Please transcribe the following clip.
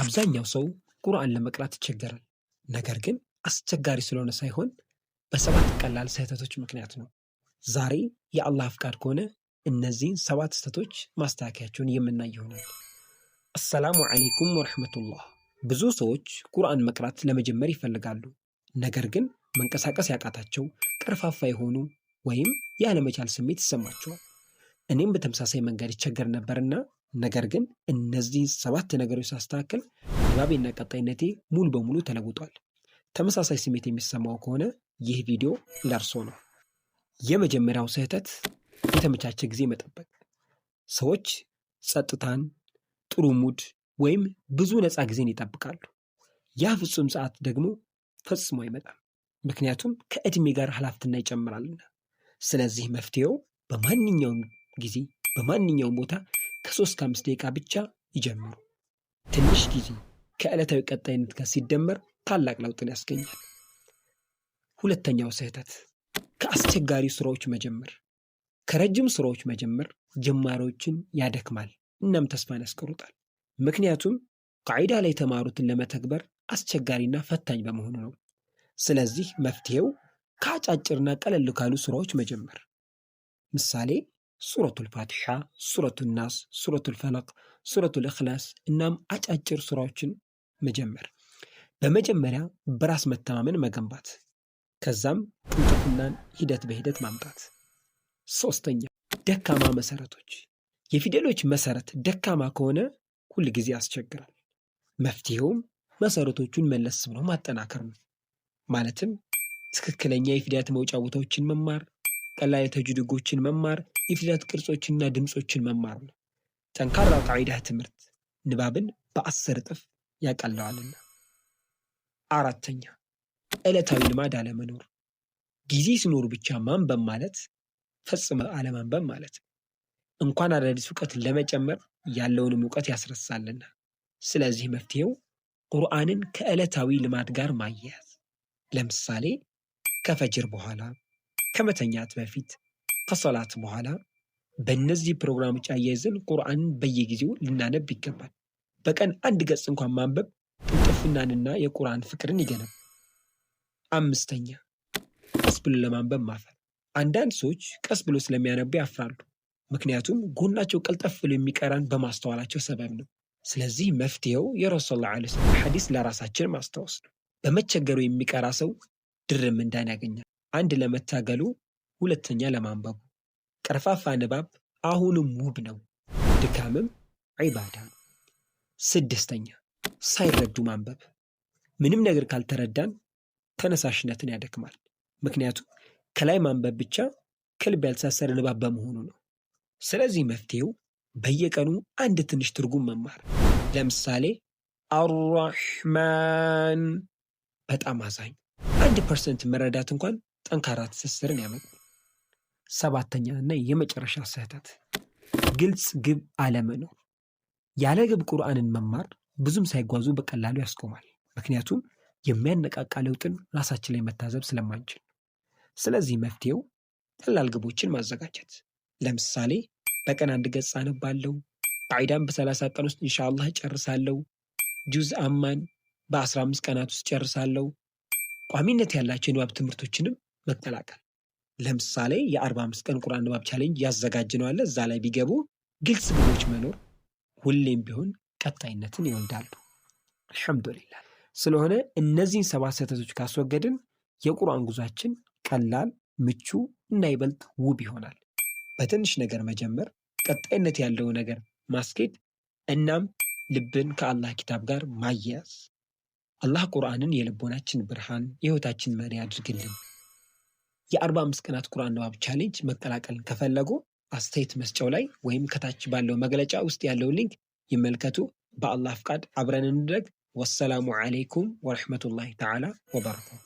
አብዛኛው ሰው ቁርአን ለመቅራት ይቸገራል። ነገር ግን አስቸጋሪ ስለሆነ ሳይሆን በሰባት ቀላል ስህተቶች ምክንያት ነው። ዛሬ የአላህ ፍቃድ ከሆነ እነዚህን ሰባት ስህተቶች ማስተካከያቸውን የምናይ ይሆናል። አሰላሙ ዓለይኩም ወረሕመቱላህ። ብዙ ሰዎች ቁርአን መቅራት ለመጀመር ይፈልጋሉ። ነገር ግን መንቀሳቀስ ያቃታቸው፣ ቀርፋፋ የሆኑ ወይም ያለመቻል ስሜት ይሰማቸዋል። እኔም በተመሳሳይ መንገድ ይቸገር ነበርና ነገር ግን እነዚህ ሰባት ነገሮች ሳስተካክል ባቤና ቀጣይነቴ ሙሉ በሙሉ ተለውጧል። ተመሳሳይ ስሜት የሚሰማው ከሆነ ይህ ቪዲዮ ለእርሶ ነው። የመጀመሪያው ስህተት የተመቻቸ ጊዜ መጠበቅ። ሰዎች ጸጥታን፣ ጥሩ ሙድ ወይም ብዙ ነፃ ጊዜን ይጠብቃሉ። ያ ፍጹም ሰዓት ደግሞ ፈጽሞ አይመጣም፣ ምክንያቱም ከእድሜ ጋር ኃላፊነት ይጨምራልና። ስለዚህ መፍትሄው በማንኛውም ጊዜ በማንኛውም ቦታ ከሶስት ከአምስት ደቂቃ ብቻ ይጀምሩ። ትንሽ ጊዜ ከዕለታዊ ቀጣይነት ጋር ሲደመር ታላቅ ለውጥን ያስገኛል። ሁለተኛው ስህተት ከአስቸጋሪ ስራዎች መጀመር። ከረጅም ስራዎች መጀመር ጀማሪዎችን ያደክማል፣ እናም ተስፋን ያስቆርጣል። ምክንያቱም ቃዒዳ ላይ የተማሩትን ለመተግበር አስቸጋሪና ፈታኝ በመሆኑ ነው። ስለዚህ መፍትሄው ከአጫጭርና ቀለል ካሉ ስራዎች መጀመር። ምሳሌ ሱረቱል ፋቲሓ፣ ሱረቱ ናስ፣ ሱረቱል ፈለቅ፣ ሱረቱል እኽላስ እናም አጫጭር ሱራዎችን መጀመር። በመጀመሪያ በራስ መተማመን መገንባት፣ ከዛም ቅልጥፍናን ሂደት በሂደት ማምጣት። ሶስተኛ ደካማ መሰረቶች። የፊደሎች መሰረት ደካማ ከሆነ ሁል ጊዜ ያስቸግራል። መፍትሄውም መሰረቶቹን መለስ ብሎ ማጠናከር ነው። ማለትም ትክክለኛ የፊደላት መውጫ ቦታዎችን መማር ቀላይ ተጅድጎችን መማር፣ የፊደላት ቅርጾችና ድምፆችን መማር ነው። ጠንካራ ቃዒዳ ትምህርት ንባብን በአስር እጥፍ ያቀለዋልና። አራተኛ ዕለታዊ ልማድ አለመኖር። ጊዜ ሲኖር ብቻ ማንበብ ማለት ፈጽመ አለማንበብ ማለት ነው። እንኳን አዳዲስ እውቀት ለመጨመር ያለውንም እውቀት ያስረሳልና። ስለዚህ መፍትሄው ቁርአንን ከዕለታዊ ልማድ ጋር ማያያዝ፣ ለምሳሌ ከፈጅር በኋላ ከመተኛት በፊት ከሰላት በኋላ በእነዚህ ፕሮግራሞች አያይዘን ቁርአንን በየጊዜው ልናነብ ይገባል። በቀን አንድ ገጽ እንኳን ማንበብ ጥፍናንና የቁርአን ፍቅርን ይገነባል። አምስተኛ ቀስ ብሎ ለማንበብ ማፈር። አንዳንድ ሰዎች ቀስ ብሎ ስለሚያነቡ ያፍራሉ። ምክንያቱም ጎናቸው ቀልጠፍ ብሎ የሚቀራን በማስተዋላቸው ሰበብ ነው። ስለዚህ መፍትሄው የረሱል ላ ለ ሐዲስ ለራሳችን ማስታወስ ነው። በመቸገሩ የሚቀራ ሰው ድርም እንዳን ያገኛል። አንድ ለመታገሉ፣ ሁለተኛ ለማንበቡ። ቀርፋፋ ንባብ አሁንም ውብ ነው፣ ድካምም ዒባዳ ነው። ስድስተኛ ሳይረዱ ማንበብ። ምንም ነገር ካልተረዳን ተነሳሽነትን ያደክማል። ምክንያቱም ከላይ ማንበብ ብቻ ከልብ ያልተሳሰረ ንባብ በመሆኑ ነው። ስለዚህ መፍትሄው በየቀኑ አንድ ትንሽ ትርጉም መማር። ለምሳሌ አራህማን በጣም አዛኝ አንድ ፐርሰንት መረዳት እንኳን ጠንካራ ትስስርን ያመጣል። ሰባተኛ እና የመጨረሻ ስህተት ግልጽ ግብ አለመኖር። ያለ ግብ ቁርአንን መማር ብዙም ሳይጓዙ በቀላሉ ያስቆማል። ምክንያቱም የሚያነቃቃ ለውጥን ራሳችን ላይ መታዘብ ስለማንችል። ስለዚህ መፍትሄው ቀላል ግቦችን ማዘጋጀት። ለምሳሌ በቀን አንድ ገጽ አነባለሁ፣ ቃዒዳን በ30 ቀን ውስጥ ኢንሻአላህ ጨርሳለው ጁዝ አማን በ15 ቀናት ውስጥ ጨርሳለሁ። ቋሚነት ያላቸው ንባብ ትምህርቶችንም መቀላቀል ለምሳሌ የ45 ቀን ቁርአን ንባብ ቻሌንጅ ያዘጋጅ ነው አለ። እዛ ላይ ቢገቡ ግልጽ ግቦች መኖር ሁሌም ቢሆን ቀጣይነትን ይወልዳሉ። አልሐምዱሊላ። ስለሆነ እነዚህን ሰባት ስህተቶች ካስወገድን የቁርአን ጉዟችን ቀላል፣ ምቹ እና ይበልጥ ውብ ይሆናል። በትንሽ ነገር መጀመር፣ ቀጣይነት ያለው ነገር ማስኬድ፣ እናም ልብን ከአላህ ኪታብ ጋር ማያያዝ። አላህ ቁርአንን የልቦናችን ብርሃን፣ የህይወታችን መሪ አድርግልን። የአርባ አምስት ቀናት ቁርአን ንባብ ቻሌንጅ መቀላቀል ከፈለጉ አስተያየት መስጫው ላይ ወይም ከታች ባለው መግለጫ ውስጥ ያለው ሊንክ ይመልከቱ። በአላህ ፍቃድ አብረን እንድረግ። ወሰላሙ ዓለይኩም ወረሕመቱላሂ ተዓላ ወበረካቱ።